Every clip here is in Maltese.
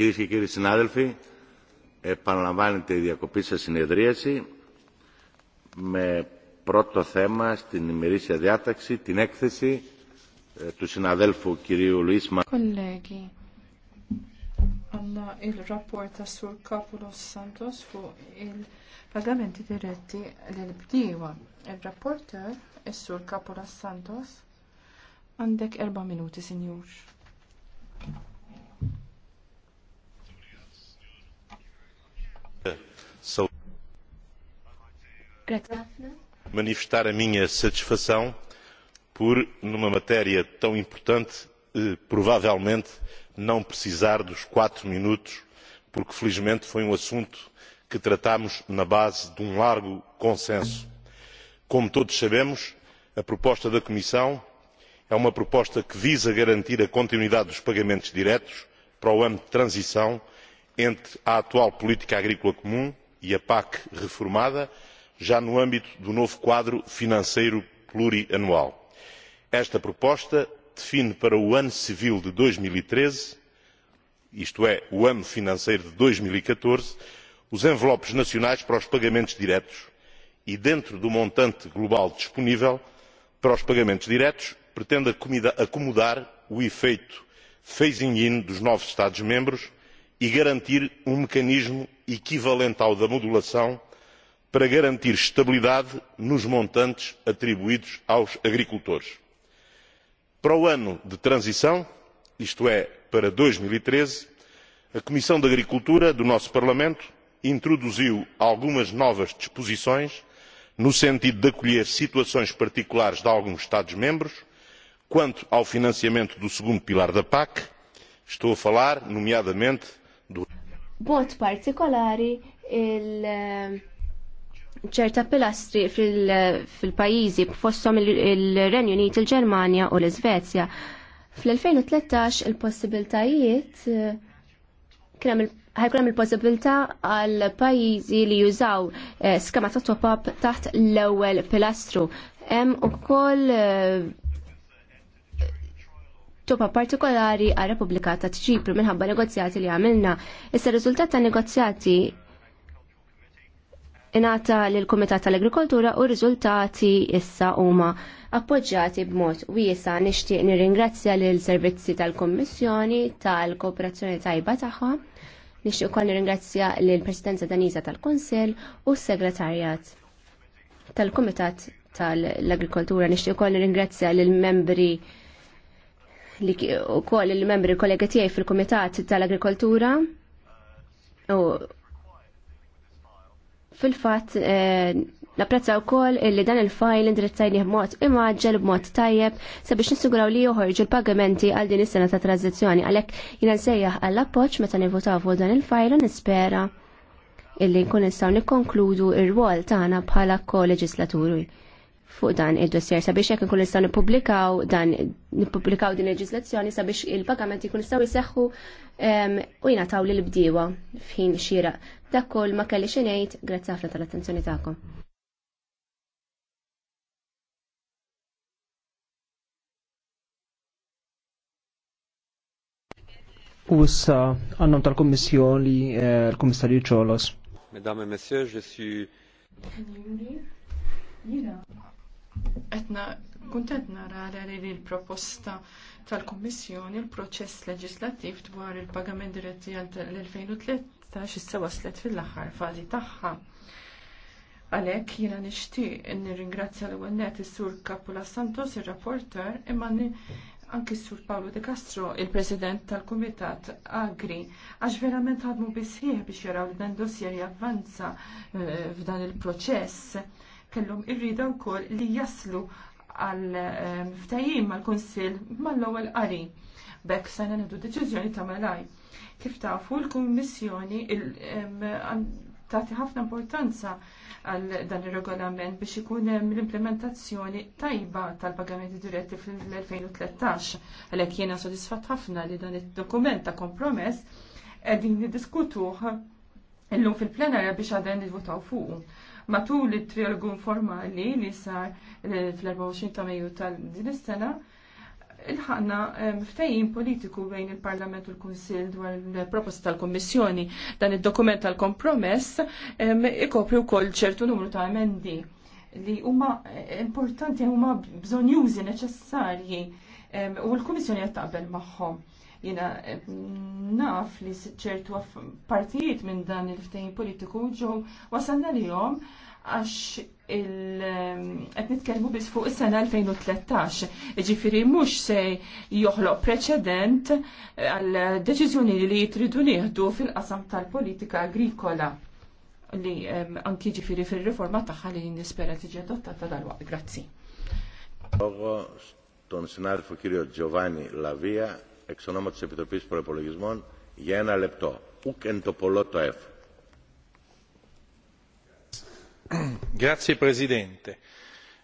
Κυρίε και κύριοι συνάδελφοι, επαναλαμβάνεται η διακοπή σε συνεδρίαση με πρώτο θέμα στην ημερήσια διάταξη την έκθεση του συναδέλφου κυρίου Λουίσμα. Κολέγοι, għanna il-rapport ta' Sur Santos fuq il-pagamenti diretti l-bdiewa. Il-rapporter, il-Sur Kapulos Santos, għandek erba' minuti, Sinjur. Manifestar a minha satisfação por, numa matéria tão importante, eh, provavelmente não precisar dos quatro minutos, porque felizmente foi um assunto que tratámos na base de um largo consenso. Como todos sabemos, a proposta da Comissão é uma proposta que visa garantir a continuidade dos pagamentos diretos para o ano de transição entre a atual política agrícola comum e a pac reformada já no âmbito do novo quadro financeiro plurianual. esta proposta define para o ano civil de dois mil e treze isto é o ano financeiro de dois mil e catorze os envelopes nacionais para os pagamentos diretos e dentro do montante global disponível para os pagamentos diretos pretende acomodar o efeito phasing in dos novos estados membros e garantir um mecanismo equivalente ao da modulação para garantir estabilidade nos montantes atribuídos aos agricultores. Para o ano de transição, isto é, para dois mil e treze, a Comissão de Agricultura do nosso Parlamento introduziu algumas novas disposições no sentido de acolher situações particulares de alguns Estados-membros quanto ao financiamento do segundo pilar da PAC, estou a falar, nomeadamente, do. Bot partikolari il eh, ċerta pilastri fil-pajizi fil fossom il-Renju Unit, il-Ġermanja u l-Svezja. Fl-2013 il-possibiltajiet eh, ħajkun il-possibilità għal pajizi li jużaw eh, skema ta' top-up taħt l-ewwel pilastru. Hemm ukoll eh, topa partikolari għal Repubblika ta' Ċipru minħabba negozjati li għamilna. Issa riżultat ta' negozjati inata lil kumitat tal-Agrikoltura u r-riżultati issa huma appoġġjati b'mod wiesa nixtieq nirringrazzja lil servizzi tal-Kommissjoni tal-kooperazzjoni tajba tagħha. Nixtieq ukoll nirringrazzja lil Presidenza Daniża tal-Kunsill u s-Segretarjat tal-Kumitat tal-Agrikoltura. Nixtieq ukoll nirringrazzja lil membri li ukoll il-membri kollega tiegħi fil-Kumitat tal-Agrikoltura Fil-fatt, eh, napprezzaw kol illi dan il-fajl indirizzajni b'mod imaġġel b'mod tajjeb sabiex nissiguraw li joħorġu l-pagamenti għal din is-sena ta' tranzizzjoni għalhekk jiena nsejjaħ għall appoġġ meta nivvotaw fuq dan il-fajl u nispera illi nkun nistgħu nikkonkludu r-rwol tagħna bħala ko-leġislaturi fuq dan id-dossier sabiex jekk nkun nistgħu nippubblikaw dan nippubblikaw din il-leġiżlazzjoni sabiex il-pagamenti jkun jistgħu jseħħu u jingħataw lil bdiewa f'ħin xieraq. Dak kull ma kellix ngħid, grazzi ħafna tal-attenzjoni tagħkom. U issa għandhom tal-Kommissjoni eh, l-Kommissarju Ċolos. Mesdames et Messieurs, je suis Etna kuntent nara li l-proposta tal-Kommissjoni l-proċess leġislattiv dwar il-pagament diretti għal-2013 issa waslet fil-aħħar fażi tagħha. Għalhekk jiena nixtieq nirringrazzja l nett is-Sur Kapula Santos, ir-rapporter, imma anki s-Sur Paolo De Castro, il-President tal-Kumitat Agri, għax verament ħadmu bisħieħ biex jaraw li dan dossier javvanza eh, f'dan il-proċess kellhom irrida wkoll li jaslu għal eh, ftajim mal kunsill mal-ewwel qari. Bekk se nieħdu deċiżjoni ta' malaj. Kif tafu l-Kummissjoni tagħti ħafna importanza għal dan ir-regolament biex ikun hemm l-implementazzjoni tajba tal-pagamenti diretti fl-2013. Għalhekk jiena sodisfatt ħafna li dan id-dokument ta' kompromess qegħdin niddiskutuh illum fil-plenarja biex għadha nivvotaw fuqu matul it-trialogu formali li sar eh, fl-24 ta' Mejju tal-din is-sena ilħanna eh, ftejjin politiku bejn il-Parlament u l-Kunsil dwar il-proposta tal-Kommissjoni dan id-dokument tal-kompromess eh, ikopri wkoll ċertu numru ta' emendi li huma importanti huma bżonjużi neċessarji u l-Kummissjoni qed taqbel magħhom jina eh, naf li ċertu partijiet minn dan il-ftejn politiku ġew wasalna li jom għax qed eh, nitkellmu biss fuq is-sena 2013. Ġifieri mhux se joħloq preċedent eh, għal deċiżjoni li jitridu nieħdu fil-qasam tal-politika agrikola li anki ġifiri fil-riforma tagħha li nispera tiġi adottata dal-waqt. Grazzi. Ton Giovanni Lavia εξ ονόματος της Επιτροπής Προπολογισμών για ένα λεπτό. Ουκ εν το πολλό το εφ. Grazie Presidente.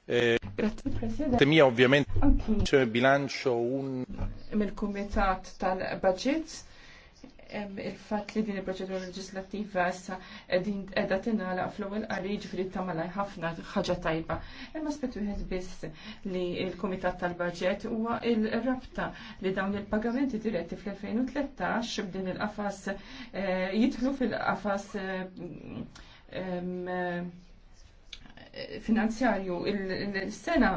Eh, Grazie Presidente. Mia ovviamente okay. bilancio un... Mil-Kumitat tal-Budget il-fat li din il-proċedura leġislattiva issa din edha tinala fl-ewwel qari ġifieri tamalaj ħafna ħaġa tajba. Imma spetu wieħed biss li l-Kumitat tal-Baġġett huwa il-rabta li dawn il-pagamenti diretti fl-2013 b'din il-qafas eh, jidħlu fil-qafas eh, eh, finanzjarju il-sena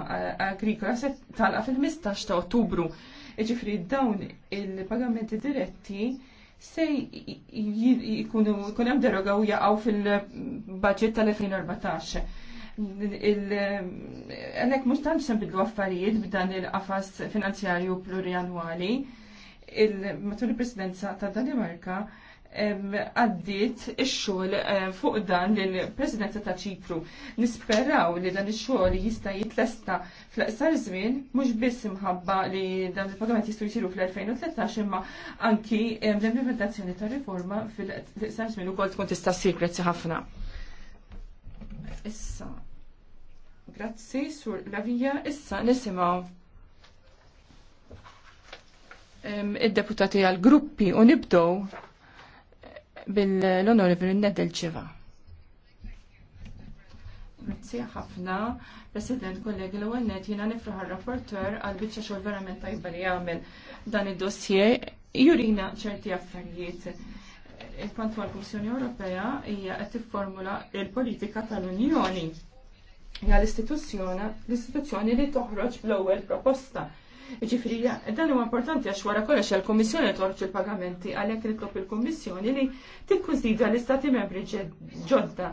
agrikola se qaf fil-15 ta' Ottubru. Ġifri dawn il-pagamenti diretti se jkun hemm deroga u jaqgħu fil-budget tal-2014. Għalek mux tant sempidlu affarijiet b'dan il-qafas finanzjarju plurianwali, il-matul il-presidenza ta' Danimarka għaddit ix-xogħol eh, fuq dan lill-Presidenza ta' Ċipru. Nisperaw li dan ix xol jista' jitlesta fl aqsar żmien mhux biss imħabba li dan il-pagament jistgħu jsiru fl-2013 imma anki l-implementazzjoni ta' riforma fil-qsar żmien ukoll tkun tista' s grazzi ħafna. Issa. Grazzi sur vija. issa nisimgħu id-deputati għal-gruppi u nibdow bil-onorevoli Nedelċeva. Grazie ħafna, President kollegi l għennet jina nifruħar rapporter għal bicċa xol verament tajba li għamil dan id-dossier jurina ċerti affarijiet. Kwantu għal-Komissjoni Ewropea hija qed tifformula l-politika tal-Unjoni hija l-istituzzjoni li toħroġ bl-ewwel proposta Ġifri, dan huwa importanti għax wara kollox il kummissjoni torċu il-pagamenti għalhekk nitlob il-Kummissjoni li tikkunsidra l-Istati Membri ġodda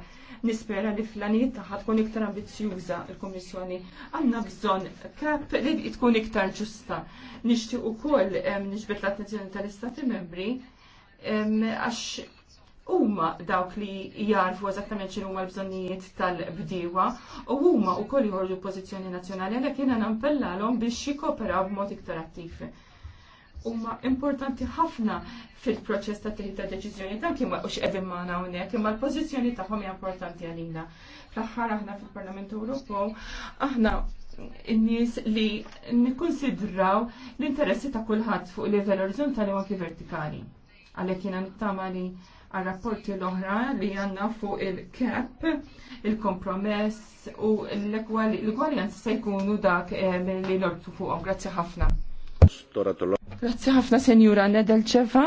nispera li fl lanijiet taħħa tkun iktar ambizjuża l komissjoni Għanna bżon kap li tkun iktar ġusta. nixtieq u koll nixbet l-attenzjoni tal-Istati membri għax huma dawk li jarfu eżattament x'inhu huma l-bżonnijiet tal-bdiewa u huma wkoll joħorġu pożizzjoni nazzjonali għalhekk jiena nampellalhom biex jikkoperaw b'mod iktar attiv. Huma importanti ħafna fil-proċess ta' teħid ta' deċiżjoni dan kien mhux qegħdin magħna hawnhekk, imma l-pożizzjoni tagħhom hija importanti għalina. Fl-aħħar aħna fil-Parlament Ewropew aħna n-nies li nikkonsidraw l-interessi ta' kulħadd fuq livell orizzontali u anki vertikali. Għalhekk jiena nittama li għal rapporti l-oħra li għanna fuq il-CAP, il-kompromess u l-gwaljanza se jkunu dak eh, li l-ortu fuqhom. Grazzi ħafna. Grazzi ħafna Senjura Nedelċeva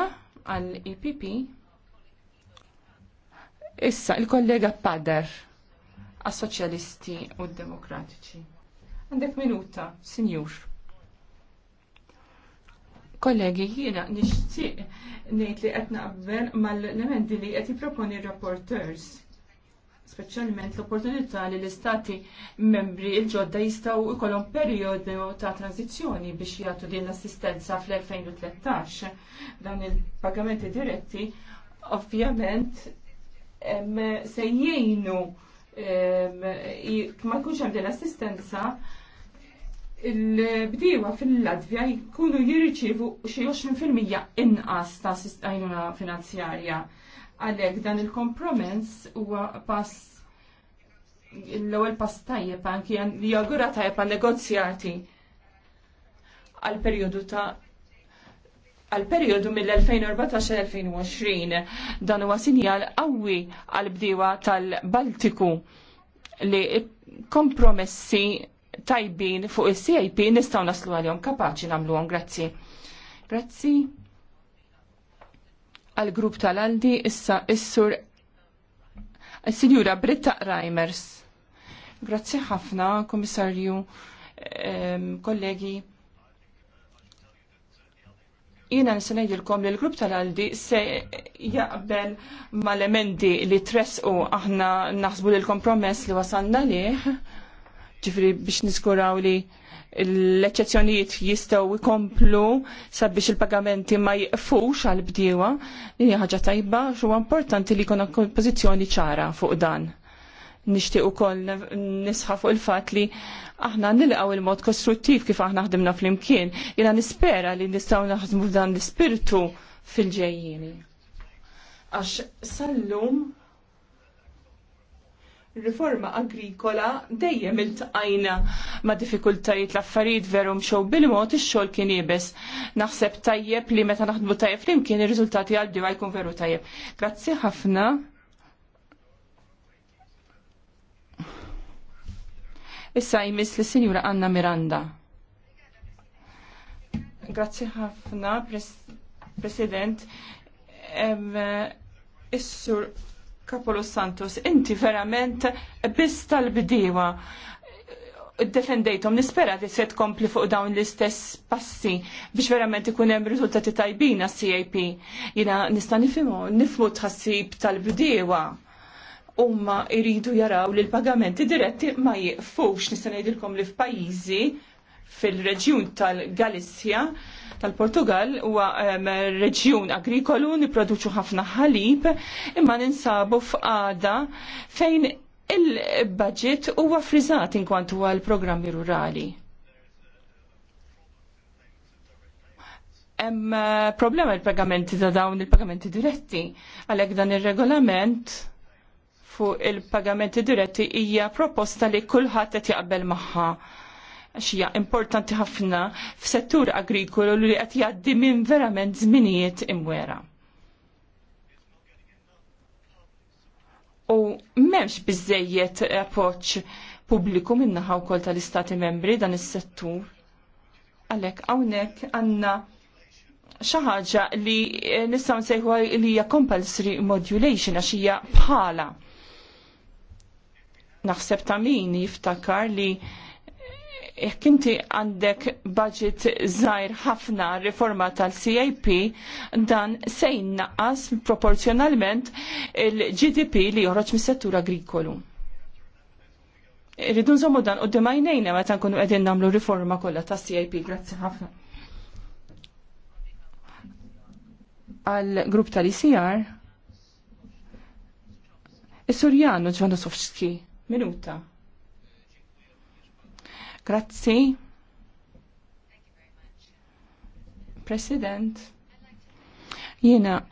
għal IPP. Issa il-kollega Pader għas-Soċjalisti u demokratiċi Għandek minuta, Sinjur. Kollegi, jiena nixtieq ngħid li qed naqbel mal-elementi li qed jipproponi rapporteurs speċjalment l-opportunità li l-istati membri il-ġodda jistaw kolom perjodu ta' tranzizzjoni biex jagħtu din l-assistenza fl-2013. Dan il-pagamenti diretti ovvjament se jgħinu ma jkunx hemm din l-assistenza il-bdiewa fil-Latvja jkunu jirriċivu xi 20% inqas ta' sistajnuna finanzjarja. Għalhekk dan il-kompromess huwa pass l-ewwel pass tajjeb anki li jagura tajjeb għal negozjati għal perjodu ta' għal periodu mill-2014-2020 dan huwa sinjal qawwi għal bdiewa tal-Baltiku li kompromessi tajbin fuq il-CIP nistaw naslu għal-jom kapaċi namlu għom, grazzi. Grazzi għal-grupp tal-Aldi issa issur Sinjura Britta Reimers. Grazzi ħafna, komissarju, kollegi. Jina nisenajdilkom li l-grupp tal-Aldi se jaqbel mal-emendi li tresqu aħna naħsbu l-kompromess li wasanna liħ ġifri biex niskuraw li l-eċezzjonijiet jistaw ikomplu sabiex il-pagamenti ma jiqfux għal bdiewa li ħaġa tajba xo importanti li jkun pożizzjoni ċara fuq dan. Nixtieq ukoll nisħa fuq il-fatt li aħna nilqgħu il-mod kostruttiv kif aħna ħdimna flimkien. Jiena nispera li nistgħu naħdmu f'dan l spirtu fil ġejjini Għax sal-lum riforma agrikola dejjem iltqajna ma' diffikultajiet l-affarijiet veru mxew bil-mod ix-xogħol kien jibes. Naħseb tajjeb li meta naħdmu tajjeb flimkien ir-riżultati għal għajkun jkun veru tajjeb. Grazzi ħafna. Issa jmiss li Sinjura Anna Miranda. Grazzi ħafna, pres President. Eh, is-sur Kapolo Santos, inti verament biss tal-bdiewa defendejtom nispera li se tkompli fuq dawn l-istess passi biex verament ikun hemm riżultati tajbin CAP. Jiena nista' nifhmu nifmu tħassib tal-bdiewa huma jridu jaraw li l-pagamenti diretti ma jiqfux nista' ngħidilkom li f'pajjiżi fil-reġjun tal-Galizja tal-Portugal huwa reġjun agrikolu niproduċu ħafna ħalib imma ninsabu f'għada fejn il-budget huwa frizzat inkwantu għal programmi rurali. Hemm problema il-pagamenti ta' dawn il-pagamenti diretti għalhekk dan ir-regolament fuq il-pagamenti diretti hija proposta li kulħadd qed jaqbel magħha Xija importanti ħafna f'settur agrikolo li qed jgħaddi minn verament żminijiet imwera. U m'hemmx biżejjed appoġġ pubbliku minnaħa wkoll tal-Istati Membri dan is-settur. Għalhekk hawnhekk għandna xi ħaġa li nistgħu nsejħu li hija compulsory modulation għax hija bħala. Naħseb ta' min jiftakar li jekk inti għandek budget żgħir ħafna riforma tal-CAP, dan se jinnaqqas proporzjonalment il-GDP li joħroġ mis-settur agrikolu. Irridu nżommu dan u d meta nkunu qegħdin nagħmlu riforma kollha tas-CAP. Grazzi ħafna. Għal grupp tal-ICR, Is-Surjano Sofski, minuta. Grazzi. President. Jiena,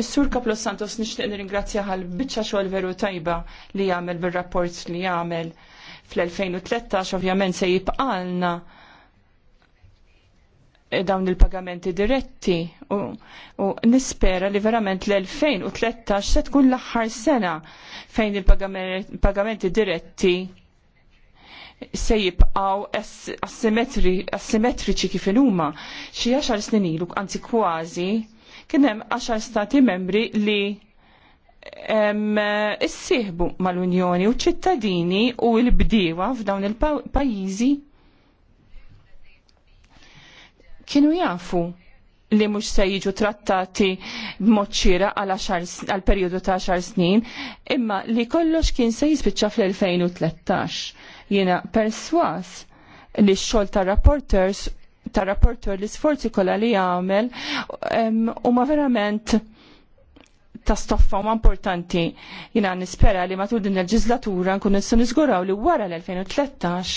Is-Sur Kaplos Santos nixtieq nirringrazzja għal biċċa xogħol veru tajba li jagħmel bir-rapport li jagħmel fl-2013 ovvjament se jibqalna dawn il-pagamenti diretti u, u nispera li verament l-2013 se tkun l-aħħar sena fejn il-pagamenti diretti se jibqaw asimetriċi kif huma. Xi għaxar snin ilu, anzi kważi, kien hemm għaxar stati membri li issieħbu mal-Unjoni u ċittadini u l-bdiewa f'dawn il-pajjiżi kienu jafu li mhux se jiġu trattati b'mod xira għal perjodu ta' 10 snin, imma li kollox kien se jispiċċa fl-2013 Jiena perswas li x-xogħol tar rapporters tar rapporter l isforzi kollha li u huma verament ta' stoffa huma importanti. Jiena nispera li matul din il-leġislatura nkun nissu niżguraw li wara l-2013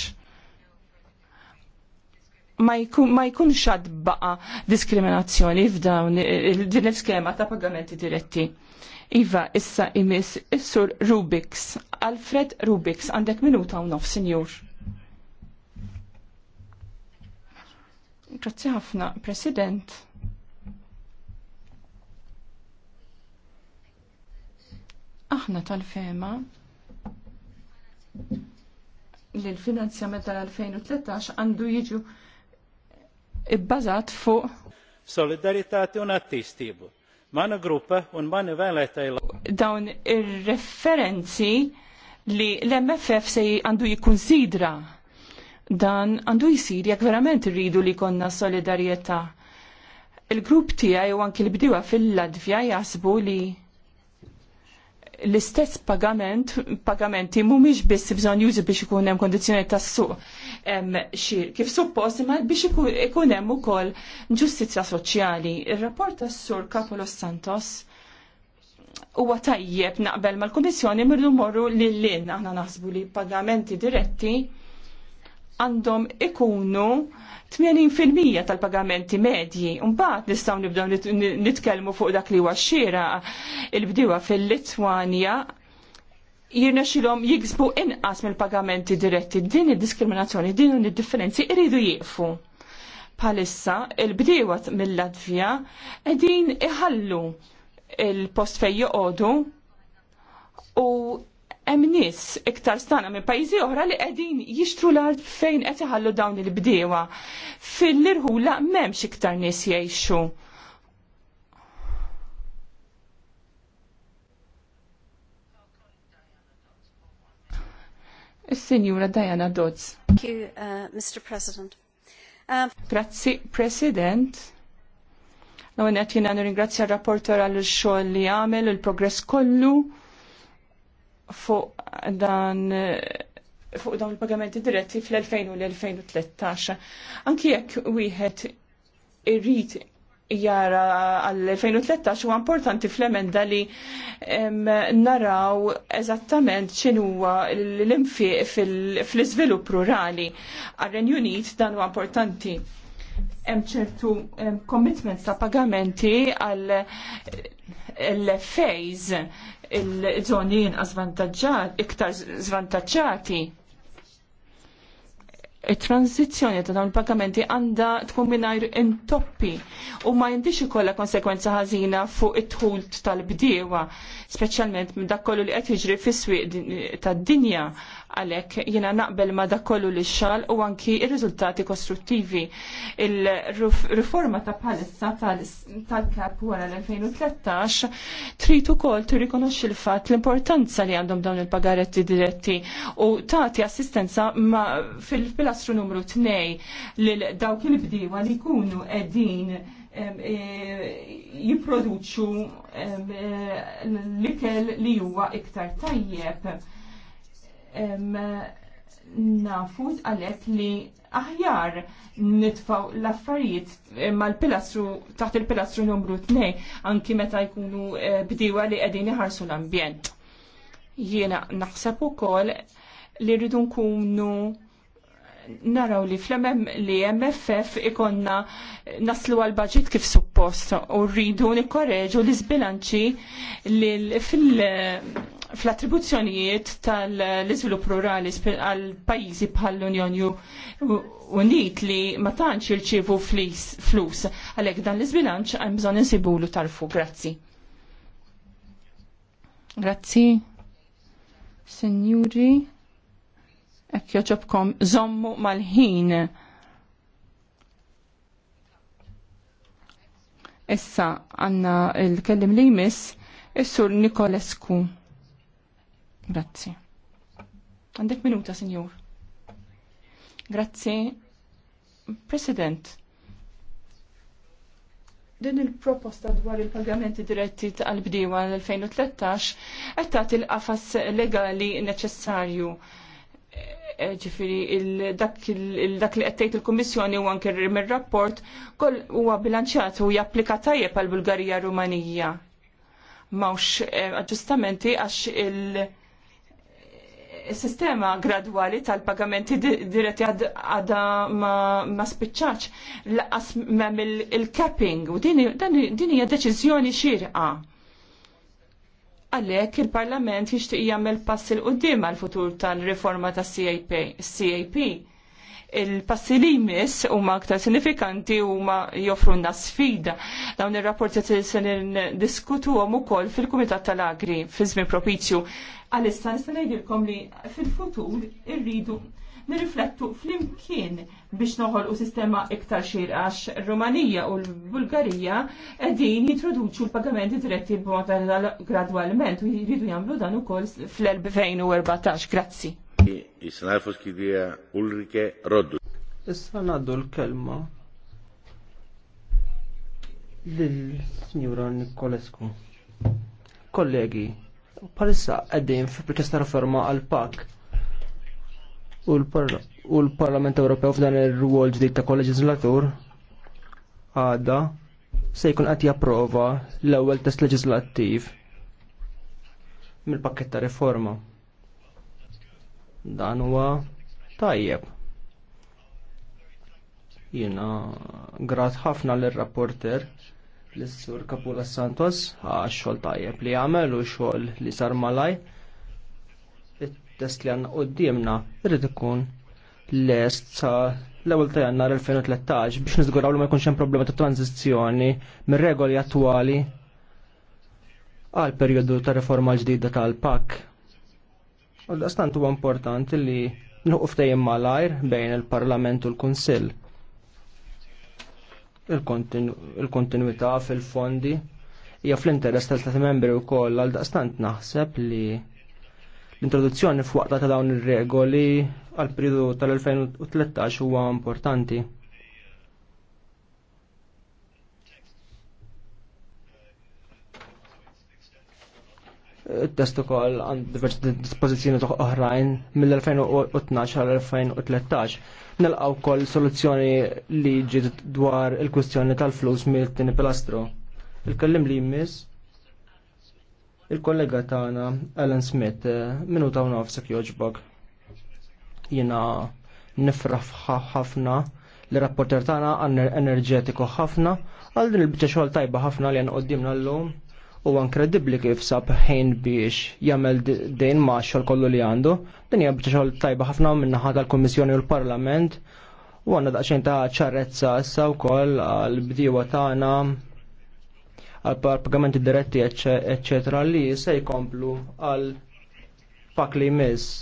ma jkunx xad baqa diskriminazzjoni f'dawn din il-skema ta' pagamenti diretti. Iva, issa imis, issur Rubiks. Alfred Rubiks, għandek minuta u senjur. Grazzi ħafna, President. Aħna tal-fema li l-finanzjament tal-2013 għandu jiġu ibbażat fuq Solidarità un attistibu Mana gruppa un vela vēlētēji. Dawn ir-referenzi li l-MFF se għandu jikkunsidra dan għandu jisir jekk verament rridu li konna solidarjetà. Il-grupp tiegħi u anki l bdiwa fil ladvja jasbu li l-istess pagament, pagamenti mhumiex biss bżonn jużi biex ikun hemm kondizzjoni tas-suq xir kif suppost imma biex ikun hemm ukoll ġustizzja soċjali. Ir-rapport tas-sur Kapolo Santos huwa tajjeb naqbel mal-Kummissjoni mirdu morru lil lin aħna naħsbu li pagamenti diretti għandhom ikunu 80% tal-pagamenti medji. Mbagħad nistgħu nibdaw nitkellmu fuq dak li huwa il bdiwa fil-Litwanja jirnexilhom jiksbu inqas mill-pagamenti diretti. Din id-diskriminazzjoni, din id-differenzi iridu jieqfu. Palissa il bdiwa mill-Latvija qegħdin iħallu il-post fejn joqogħdu u hemm nies iktar stana minn pajjiżi oħra li qegħdin jixtru l-art fejn qed iħallu dawn il-bdiewa. Fil-irħula m'hemmx iktar nies jgħixu. Is-Sinjura Diana Dodds. Thank you, uh, Mr. President. Uh, Grazzi, President. Għonet jina nirringrazzja r-rapporter għal xogħol li għamel, il-progress kollu fuq dan fuq dawn il-pagamenti diretti fl-2000 u l-2013. Anki jekk wieħed irrid jara għall 2013 u importanti fl-emenda li naraw eżattament ċinuwa l-infiq fl-izvilup rurali. Għal-Renju Unit dan u importanti hemm ċertu commitments ta' pagamenti għal eh, l-fejz il-żoni jinqas iktar zvantaġġati. il transizjoni ta' dawn il-pagamenti għandha tkun mingħajr intoppi u ma jindix ikollha konsekwenza ħażina fuq it-tħul tal-bdiewa, speċjalment minn dak kollu li qed jiġri fis-swieq tad-dinja għalek jiena naqbel ma dakollu kollu li xal u anki r-riżultati kostruttivi. Il-riforma ta' palissa tal-kap wara l-2013 trid ukoll tirrikonoxxi l-fatt l-importanza li għandhom dawn il-pagaretti diretti u tagħti assistenza fil-pilastru numru 2 lil dawk il-bdiewa li jkunu qegħdin e, jipproduċu e, l-ikel li huwa iktar tajjeb nafu għalhekk li aħjar nitfaw l-affarijiet eh, mal-pilastru taħt il-pilastru numru 2 anki meta jkunu eh, bdiwa li qegħdin iħarsu l-ambjent. Jiena naħseb ukoll li rridu nkunu naraw li flemem li MFF ikonna naslu għal budget kif suppost u rridu nikkoreġu l-izbilanċi li fil- fl-attribuzzjonijiet tal-iżvilupp rurali għal pajjiżi bħall unjoni Unit li ma tantx jirċievu flus għalhekk dan l-iżbilanċ hemm bżonn insibulu tarfu. Grazzi. Grazzi. Senjuri, hekk joġobkom żommu mal-ħin. Issa għandna il-kellim li jmiss is-sur Nikolescu. Grazzi. Għandek minuta, Sinjur. Grazzi. President, din il-proposta dwar il-pagamenti diretti tal bdiwa l-2013 qed tagħti l-qafas legali neċessarju e, ġifiri dak li qed il-Kummissjoni u anke mir-rapport koll huwa bilanċjat u japplika tajjeb għal Bulgarija Rumanija. Mawx e, aġġustamenti għax il- sistema gradwali tal-pagamenti diretti għadha ma spiċċaċ laqas mem il-capping u din hija deċiżjoni xirqa. Għalhekk il-Parlament jixtieq jagħmel pass il qudiem għal futur tal-riforma tas-CAP il-passi li jmiss huma aktar sinifikanti huma joffrunna sfida. Dawn ir-rapporti se u ukoll fil-Kumitat tal-Agri fi żmien propizju. Għalissa nista' ngħidilkom li fil-futur irridu nirriflettu flimkien biex noħolqu sistema iktar xir għax Rumanija u l-Bulgarija qegħdin jitroduċu l-pagamenti diretti b'mod gradualment u jridu jagħmlu dan ukoll fl-2014. Grazzi. Is-sanarfos Ulrike Roddu. Issa naddu l-kelma lill signora Nikolescu. Kollegi, palissa għeddin fi protesta riforma għal-PAK u l-Parlament Ewropew f'dan ir-rwol ġdid ta' kol-leġislatur għada se jkun qed japprova l-ewwel test leġislattiv mill pakketta ta' riforma dan huwa tajjeb. Jiena grat ħafna lir-rapporter l-Sur Kapula Santos għax xogħol tajjeb li għamel u xogħol li sar malaj. It-test li għandna qudiemna irid ikun lest sa l-ewwel ta' jannar 2013 biex niżguraw li ma jkunx hemm problema ta' tranzizzjoni mir-regoli attwali għal perjodu ta' riforma ġdida tal-PAK U l-astant huwa importanti li nuquf malajr bejn il-Parlament u l-Kunsill. Il-kontinuità fil-fondi hija fl-interess tal-Stati membri wkoll għal daqstant naħseb li l-introduzzjoni f'waqta ta' dawn ir-regoli għal periodu tal-2013 huwa importanti. test ukoll għand diversi dispożizzjoni oħrajn mill-2012 għal 2013. Nelqaw ukoll soluzzjoni li ġiet dwar il-kwistjoni tal-flus mill-tieni pilastru. Il-kellim li jmiss il-kollega tagħna Alan Smith minuta u nofsek joġbok. Jiena nifraf ħafna li rapporter tagħna enerġetiku ħafna għal din il-biċċa xogħol tajba ħafna li għan qoddimna l-lum huwa inkredibbli kif sab ħin biex jagħmel dejn ma' xogħol kollu li għandu. Din hija biex xogħol tajba ħafna minnaħa tal-Kummissjoni u l-Parlament u għandna daqsxejn ta' ċarrezza issa wkoll għall-bdiewa tagħna għal pagamenti diretti eccetera li se jkomplu għal pak li jmiss.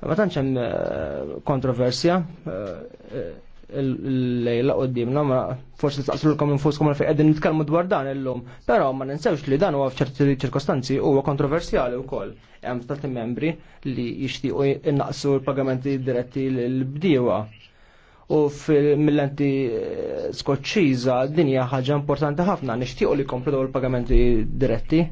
Ma tantx hemm eh, kontroversja eh, eh, l-lejla qoddimna, ma forse taqslulkom infuskom għal fejqedin nitkalmu dwar dan illum, pero ma ninsewx li dan huwa f'ċerti ċirkostanzi huwa kontroversjali wkoll. Hemm stati membri li jixtiequ innaqsu l-pagamenti diretti l-bdiewa. U fil millenti eh, skoċċiża dinja ħaġa importanti ħafna nixtiequ li komplu l pagamenti diretti.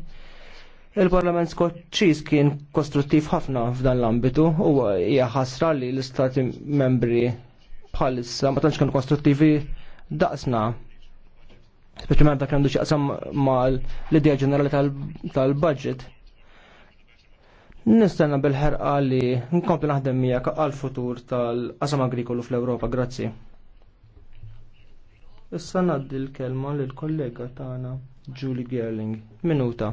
Il-Parlament Skoċċiż kien kostruttiv ħafna f'dan l-ambitu u hija ħasra li l-Istati membri bħalissa ma tantx kienu konstruttivi daqsna. Speċjalment dak għandu x'jaqsam mal l-idea ġenerali tal-budget. Nistenna bil-ħerqa li nkompli naħdem miegħek għall-futur tal-qasam agrikolu fl-Ewropa, grazzi. Issa ngħaddi l-kelma lill kollega tagħna Julie Gerling. Minuta.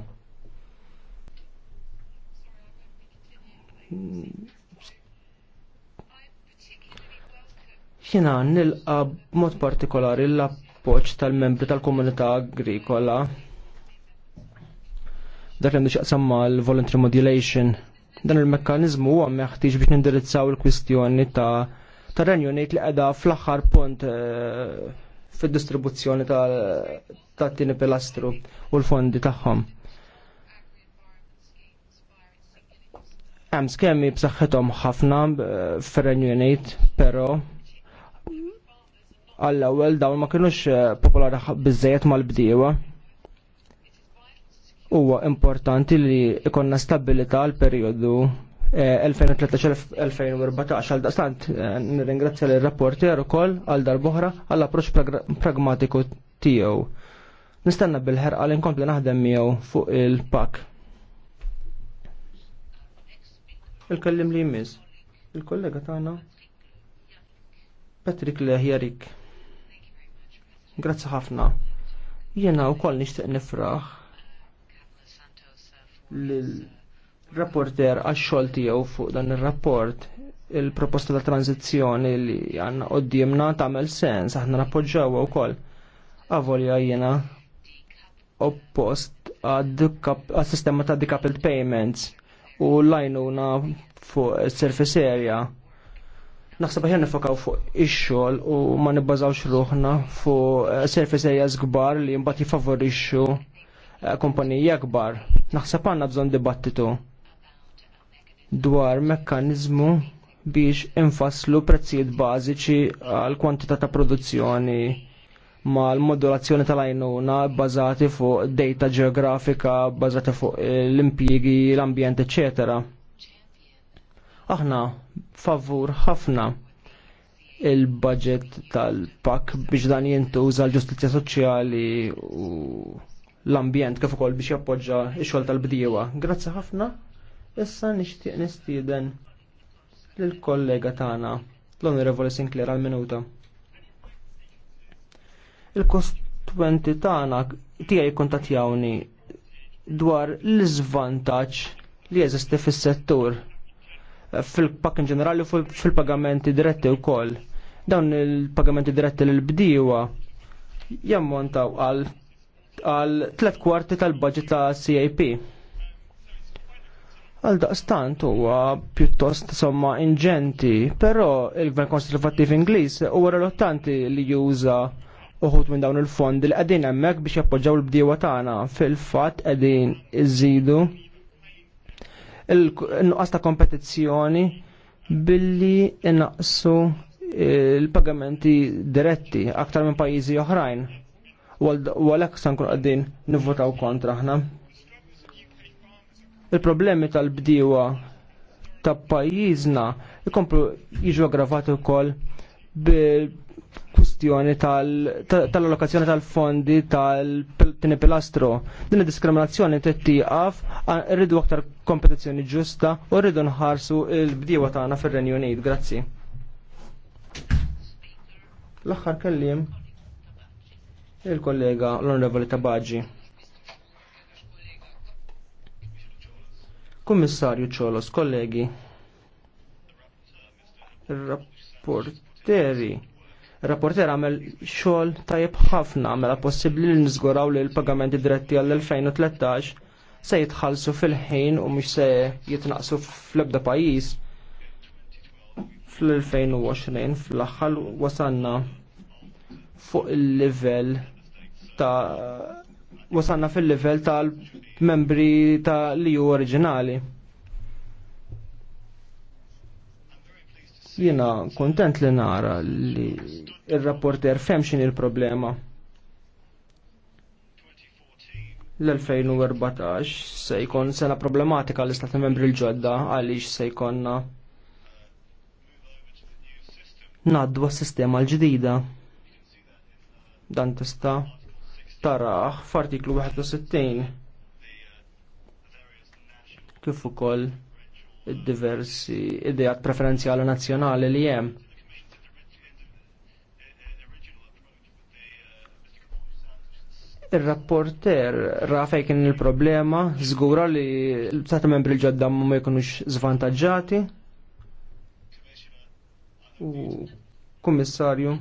jina nilqa b'mod partikolari l-appoġġ tal-membri tal-komunità agrikola dak li għandu xaqsamma l-voluntary modulation. Dan il-mekkanizmu huwa meħtieġ biex nindirizzaw il-kwistjoni ta' ta' renjoniet li qiegħda fl-aħħar punt eh, fid-distribuzzjoni ta' tieni pilastru u l-fondi tagħhom. Hemm skemi b'saħħithom ħafna eh, fir-Renju però għall-ewwel dawn ma kinux eh, popolari biżejjed mal-bdiewa. Huwa importanti li ikonna stabilità l perjodu 2013-2014 għal daqstant eh, nirringrazzja l-rapporter ukoll għal darbohra għall approċċ pragmatiku tiegħu. Nistenna bil ħer għal nkompli naħdem miegħu fuq il-pak. Il-kellim li jmiss. Il-kollega tagħna Patrick Leħjarik. Grazzi ħafna. Jena u koll nishtiq nifraħ l-rapporter għax-xogħol tiegħu fuq dan ir-rapport il-proposta ta' tranzizjoni li għanna ta' tagħmel sens aħna nappoġġawha wkoll. Avolja jiena oppost għad-sistema ta' decoupled payments u l-lajnuna fuq surface area Naħseb ħjar nifokaw fuq ix-xogħol u ma nibbażawx ruħna fuq eh, service areas kbar li mbagħad jifavorixxu eh, kumpanija kbar. Naħseb għandna bżonn dibattitu dwar mekkaniżmu biex infasslu prezzijiet bażiċi għal kwantità ta' produzzjoni mal modulazzjoni tal-għajnuna bbażati fuq data ġeografika, bbażati fuq eh, l-impjiegi, l-ambjent, eccetera. Aħna favur ħafna il-budget tal-pak biex dan jintuża l-ġustizja soċjali u l-ambjent kif ukoll biex jappoġġa x-xogħol tal-bdiewa. Grazzi ħafna. Issa nixtieq nistieden lill-kollega tagħna l-Onorevoli Sinclair għal-minuta. Il-kostwenti tagħna tiegħi jikkuntattjawni dwar l-iżvantaġġ li jeżisti fis-settur fil-pak ġenerali fil-pagamenti diretti u koll. Dawn il-pagamenti diretti l-bdiwa jammontaw għal għal tlet kwarti tal-budget ta' CIP. Għal daqstant huwa pjuttost somma inġenti, però il-Gvern Konservattiv Ingliż huwa relottanti li juża uħut minn dawn il-fondi li qegħdin hemmhekk biex jappoġġaw l-bdiewa tagħna fil-fatt qegħdin iżidu il-nuqqas ta' kompetizzjoni billi innaqsu il-pagamenti diretti aktar minn pajjiżi oħrajn. U għalhekk se kun qegħdin nivvotaw kontra aħna. Il-problemi tal-bdiewa ta' pajjiżna jkomplu jiġu aggravati wkoll bil kwestjoni tal-allokazzjoni tal-allokazzjoni tal-fondi tal-tini pilastru. Din id-diskriminazzjoni tittieqaf, rridu aktar kompetizzjoni ġusta u rridu nħarsu il-bdiewa tagħna fir-Renju Unit. Grazzi. L-aħħar kellim il-kollega l-Onorevoli Tabaġi. Kommissarju Ċolos, kollegi, il-rapporteri Rapporter għamel xogħol tajjeb ħafna għamela possibbli li niżguraw li l-pagamenti diretti għall-2013 se jitħallsu fil-ħin u mhux se jitnaqsu fl-ebda pajjiż. Fl-2020 fl-aħħar wasanna fuq il level ta' wasanna fil-livell tal-membri ta' liju oriġinali. Jiena kontent li nara li il-rapporter femxin il-problema. L-2014 se jkun sena problematika l-istati membri l-ġodda għaliex se jkonna naddu s-sistema l-ġdida. Dan tista taraħ f'artiklu 61 kif ukoll diversi idejat preferenzjali nazzjonali li hemm. Il-rapporter rafej kien il-problema żgura li l tata membri l-ġodda ma jkunux zvantagġati. U kummissarju.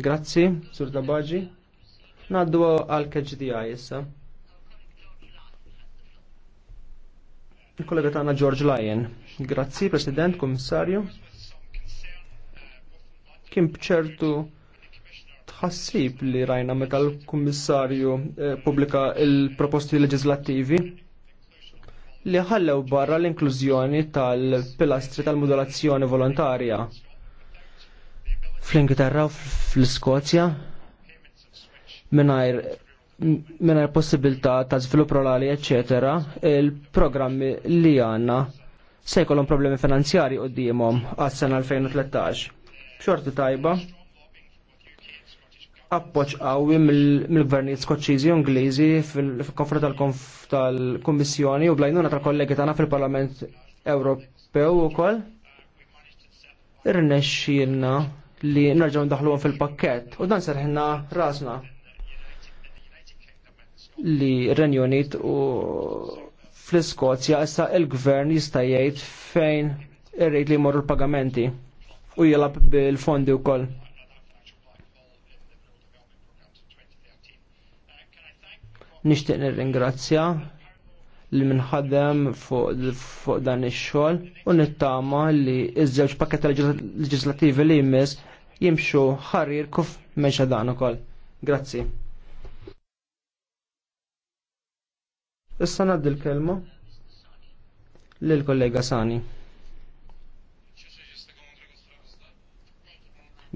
Grazzi, Sur Tabaġi. Naddu għal-KGDI issa. Il-kollega tagħna George Lyon. Grazzi, President, Kummissarju. Kien bċertu tħassib li rajna meta l-Kummissarju eh, pubblika il-proposti leġislattivi li ħallew barra l-inklużjoni tal-pilastri tal-modulazzjoni volontarja fl-Ingilterra u fl-Iskozja mingħajr l possibilità ta' svilupp rurali, eccetera, il-programmi li għanna se jkollhom problemi finanzjari d-dimom għas-sena 2013. B'xorti tajba, appoġġ qawwi mill-gvernijiet skoċċiżi u Ingliżi fil-konfront tal-Kummissjoni u blajnuna tra kollegi tagħna fil-Parlament Ewropew ukoll. Irnexxielna li nerġgħu ndaħluhom fil-pakkett u dan serħna rasna li renjonit renju Unit u fl-Iskozja issa il-gvern jista' jgħid fejn irrid li jmorru l-pagamenti u jilab bil-fondi wkoll. Nixtieq nirringrazzja li minħadem fuq dan ix-xogħol u nittama li ż-żewġ pakketti leġislattivi li jmiss jimxu ħarir kuf meċa dan ukoll. Grazzi. Issa naddi l-kelma lil kollega Sani.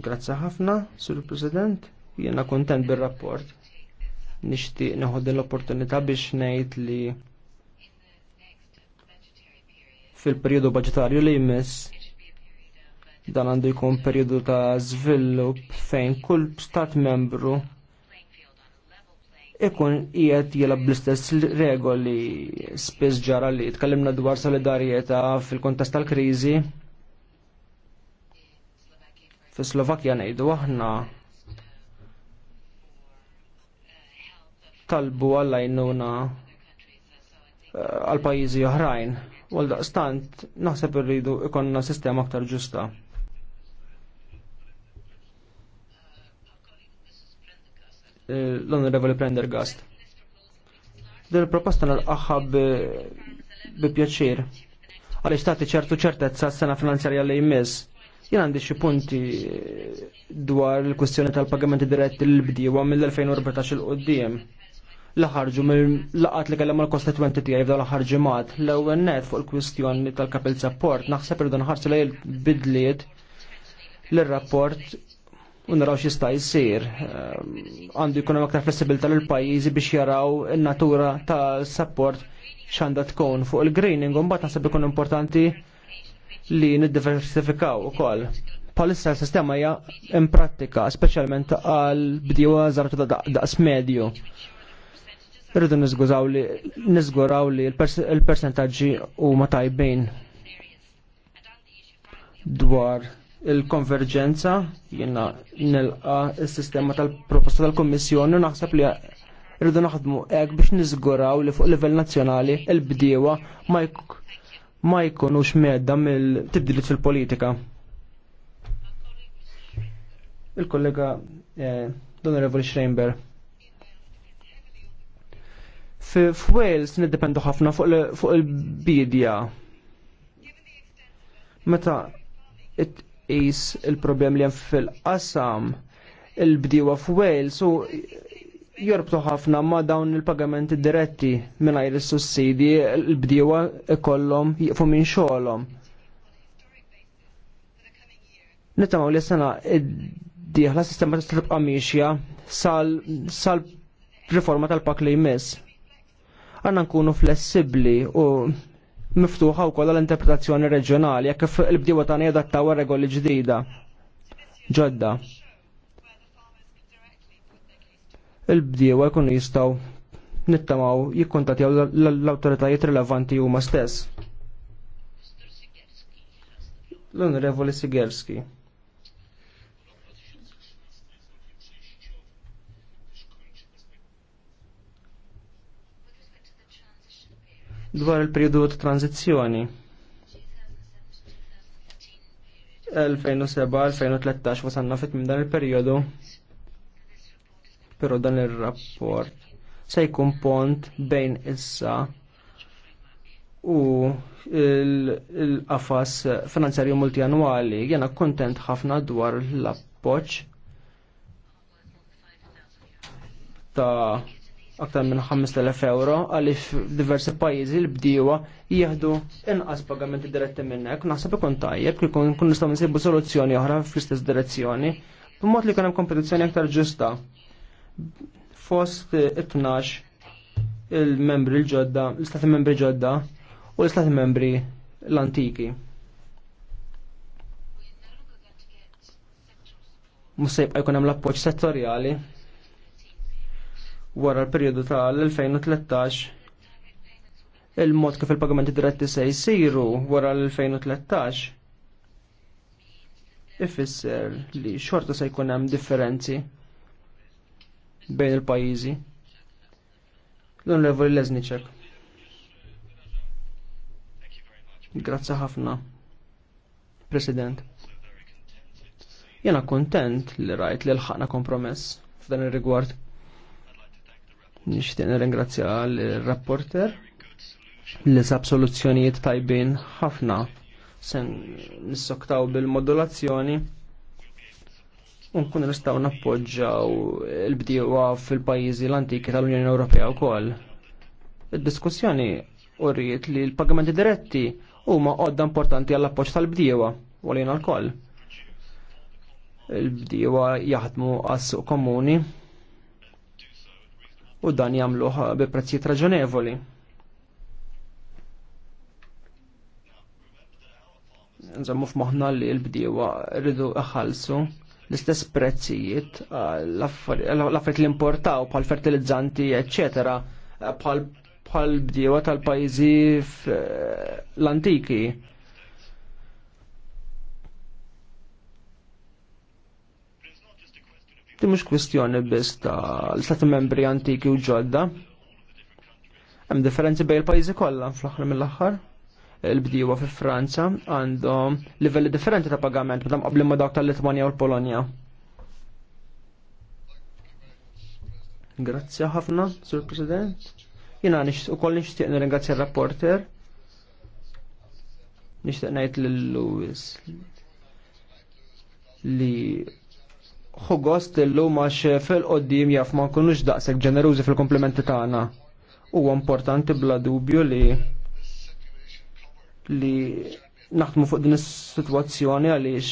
Grazzi ħafna, Sur President, jiena kontent bir-rapport. Nixtieq neħod l-opportunità biex ngħid li fil-perjodu budgetarju li jmiss dan għandu jkun perjodu ta' żvilupp fejn kull stat membru ikun qiegħed jilab bl-istess regoli spiss ġara li tkellimna dwar solidarjetà fil-kontest tal-kriżi. Fis-Slovakkja ngħidu aħna talbu għallajnuna eh, għal pajjiżi oħrajn. Għal daqstant naħseb irridu ikonna sistema aktar ġusta. l-Onorevoli Prendergast. Dil proposta nal-qaħħa bi pjaċir. Għaliex tagħti ċertu ċertezza s-sena finanzjarja li jmiss. Jien għandi xi punti dwar il-kwestjoni tal-pagamenti diretti l-bdiewa mill-2014 il-qoddim laħarġu ħarġu mill-laqat li kellem mal-kostituenti tiegħi f'dawn l mat L-ewwel net fuq il-kwistjoni tal-kapil support naħseb irdu nħarsu lejl bidliet l-rapport u naraw x'jista' jsir. Ehm, għandu jkun aktar flessibilta lil pajjiżi biex jaraw in-natura tas-support x'għandha tkun fuq il-greening u mbagħad nasab ikun importanti li niddiversifikaw ukoll. Palissa l-sistema hija imprattika, speċjalment għal bdiewa żartu ta' daqs medju. Irridu nizgużaw li niżguraw li l-persentaġġi huma tajbin dwar il-konverġenza jiena nilqa s-sistema tal-proposta tal-Kommissjoni naħseb li rridu naħdmu hekk biex niżguraw li fuq livell nazzjonali il-bdiewa ma jkunux medda mill-tibdilit fil-politika. Il-kollega eh, Donorevoli Schreinberg. F'Wales niddependu ħafna fuq il-bidja. Meta is il-problem li hemm fil-qasam il-bdiewa f'Wales u jorbtu ħafna ma dawn il-pagamenti diretti mingħajr is-sussidi il-bdiewa ikollhom jifu minn xogħolhom. Nittamaw li sena id-dieħla sistema t tibqa' mixja sal-riforma tal-pak li jmiss. Għanna nkunu flessibli u miftuħa kolla l-interpretazzjoni reġjonali jekk il-bdiewa tagħna jadattaw regoli ġdida. Ġodda. Il-bdiewa jkunu jistgħu nittamaw jikkuntatjaw l-awtoritajiet rilevanti huma stess. L-Onorevoli Sigelski. dwar il-periodu ta' tranzizzjoni. 2007-2013 wasanna fit minn dan il-periodu pero dan il-rapport se jkun pont bejn issa u l-qafas finanzjarju multianwali jena kontent ħafna dwar l-appoċ ta' aktar minn 5.000 euro għaliex diversi pajjiżi l bdiwa jieħdu inqas pagamenti diretti minnek. Naħseb ikun tajjeb kif kun nistaw nsibu soluzzjoni oħra fl-istess direzzjoni b'mod li kien hemm kompetizzjoni aktar ġusta. Fost 12 il-membri l-ġodda, l-istati membri ġodda u l-istati membri l-antiki. Musib jibqa' jkun hemm l-appoġġ settorjali wara l-periodu tal-2013 il-mod kif il-pagamenti diretti se jsiru wara l-2013 ifisser li xorta se jkun hemm differenzi bejn il-pajjiżi. L-Onorevoli Lezniċek. Grazzi ħafna, President. Jena kontent li rajt li l ħakna kompromess f'dan ir-rigward. Nixtieq nirringrazzja l-rapporter li sab soluzzjonijiet tajbin ħafna sen nissoktaw bil-modulazzjoni unkun nistaw nappoġġaw il-bdiewa fil-pajjiżi l-antiki tal-Unjoni Ewropea wkoll. Id-diskussjoni urriet li l-pagamenti diretti huma għodda importanti għall appoġġ tal-bdiewa u lejn l-koll. Il-bdiewa jaħdmu għas-suq komuni u dan jagħmluh bi prezzijiet raġonevoli. Nżammu f'moħna li l-bdiewa rridu iħallsu l-istess prezzijiet eh, l-affarijiet li importaw bħal fertilizzanti, eccetera, eh, bħal bħal bdiewa tal-pajjiżi l-antiki ti mux kwistjoni biss ta' l-Stati membri antiki u ġodda. Hemm differenzi bejn il-pajjiżi kollha fl-aħħar mill-aħħar. Il-bdiewa fi Franza għandhom livelli differenti ta' pagament meta qablim ma' dawk tal-Litwanja u l-Polonja. Grazzi ħafna, Sur President. Jina nix u koll nixtieq nirringrazzja r-rapporter. Nixtieq ngħid lil Lewis li Ħugost gost illum għax fil-qoddim jaf ma nkunux daqshekk ġenerużi fil-komplimenti tagħna. Huwa importanti bla dubju li li naħdmu fuq din is-sitwazzjoni għaliex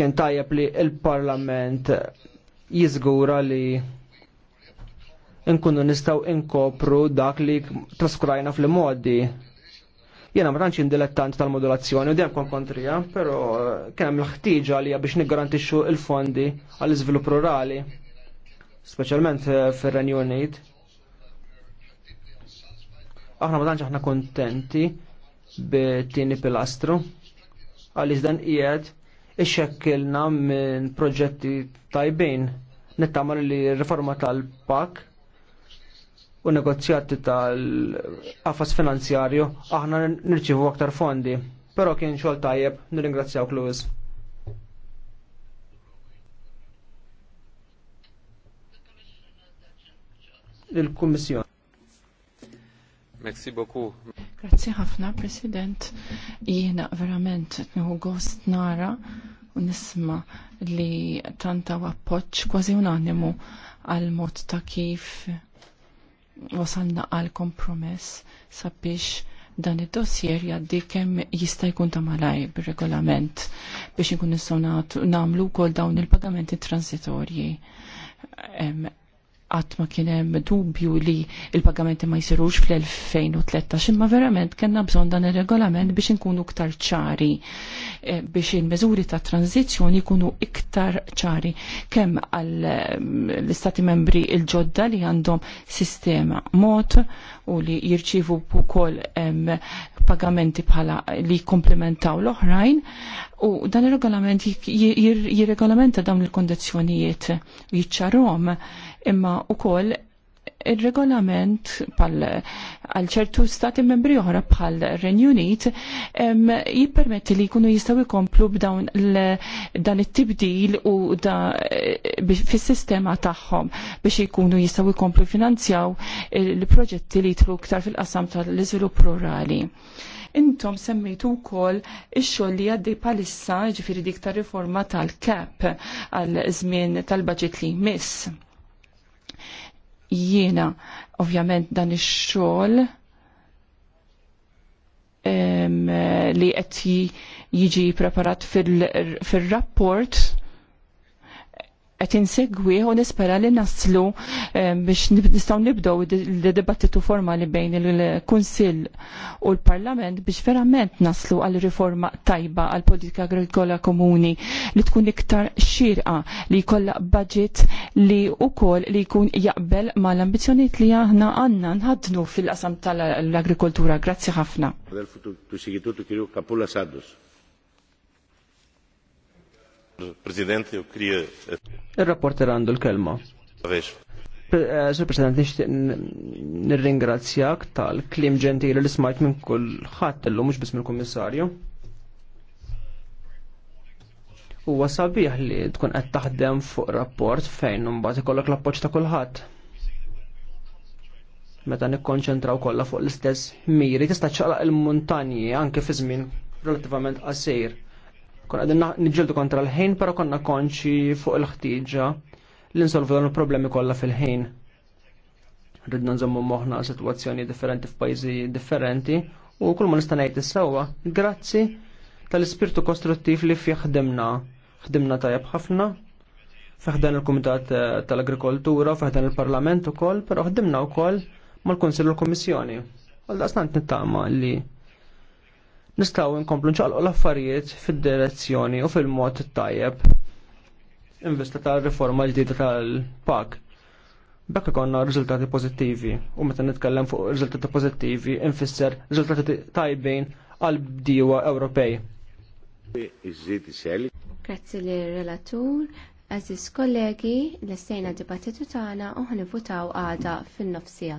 kien tajjeb li l-Parlament jiżgura li nkunu nistgħu inkopru dak li traskurajna fl-modi Jena mranċ indilettant tal-modulazzjoni u dem kon kontrija, pero eh, kemm l-ħtiġa li biex niggarantixxu il-fondi għall-iżvilupp rurali, speċjalment eh, fir-Renju Unit. Aħna ma aħna kontenti bit-tieni pilastru Għal dan qiegħed ixxekkilna minn proġetti tajbin Nittamar li riforma tal-pak u negozjati tal-qafas finanzjarju aħna nirċivu aktar fondi. Però kien xogħol tajjeb, nirringrazzjaw Klus. il kummissjon Merci beaucoup. Grazzi ħafna, President. Jiena verament nħu gost nara u nisma li tanta wappoġġ kważi unanimu għal mod ta' kif wasalna għal kompromess sabiex dan id-dossier jaddi kemm jista' jkun ta' malaj bir-regolament biex nkun nistgħu nagħmlu wkoll dawn il-pagamenti transitorji ma kienem dubju li il-pagamenti ma jisirux fl-2013, imma verament kena bżon dan il-regolament biex nkunu iktar ċari, e, biex il-mezuri ta' tranzizjoni jkunu iktar ċari, kemm għall e, l-istati membri il-ġodda li għandhom sistema mod u li jirċivu kol pagamenti bħala li komplementaw l-oħrajn u dan il-regolament jirregolamenta dawn il-kondizjonijiet u jitċarom imma ukoll il-regolament pal għal ċertu stati membri oħra bħal Renju Unit jippermetti li jkunu jistaw ikomplu b'dawn dan it-tibdil u da fis-sistema tagħhom biex jkunu jistaw ikomplu finanzjaw il-proġetti li jitlu ktar fil-qasam tal-iżvilupp rurali. Intom semmejtu wkoll ix-xogħol li għaddej palissa ġifiri dik ta' riforma tal kap għal żmien tal-baġit li jmiss jiena ovvjament dan ix-xogħol li qed jiġi preparat fil-rapport fil rapport qed insegwi u nispera li naslu eh, biex nistgħu nibdew id-dibattitu formali bejn il-Kunsill u l-Parlament biex verament naslu għal riforma tajba għal politika agrikola komuni li tkun iktar xirqa li jkollha budget li wkoll li jkun jaqbel mal ambizzjonijiet li aħna għandna nħadnu fil-qasam tal-agrikoltura. Grazzi ħafna ir krije. Eh, Il-rapporter għandu l-kelma. Eh, Sir President, nishtiq nirringrazzjak tal-klim ġentil li smajt minn ħadd illum mhux biss mill kummissarju. Huwa sabiħ li tkun qed taħdem fuq rapport fejn imbagħad ikollok l-appoġġ ta' kulħadd. Meta nikkonċentraw kollha fuq l-istess miri tista' ċaqlaq il-muntanji anke fi żmien relattivament qasir Kon għadin nġildu kontra l-ħin, pero konna konċi fuq il ħtijġa li nsolvu dan il-problemi kollha fil-ħin. Ridna nżommu moħna situazzjoni differenti f'pajjiżi differenti u kull ma nista' ngħid grazzi tal-ispirtu kostruttiv li fih ħdimna. Ħdimna tajjeb ħafna feħdan il-Kumitat eh, tal-Agrikoltura, f'ħdan il-Parlament ukoll, però ħdimna wkoll mal-Kunsill u l-Kummissjoni. Għal snant nittama li nistgħu nkomplu nċalqu l-affarijiet fid-direzzjoni u fil-mod tajjeb investa tal-riforma l-ġdida tal-PAK. Bekk ikonna riżultati pożittivi u meta nitkellem fuq riżultati pożittivi infisser riżultati tajbin għal bdiwa Ewropej. Grazzi li relatur, Aziz kollegi, l-essejna dibattitu tagħna u ħanivutaw għada fin-nofsija.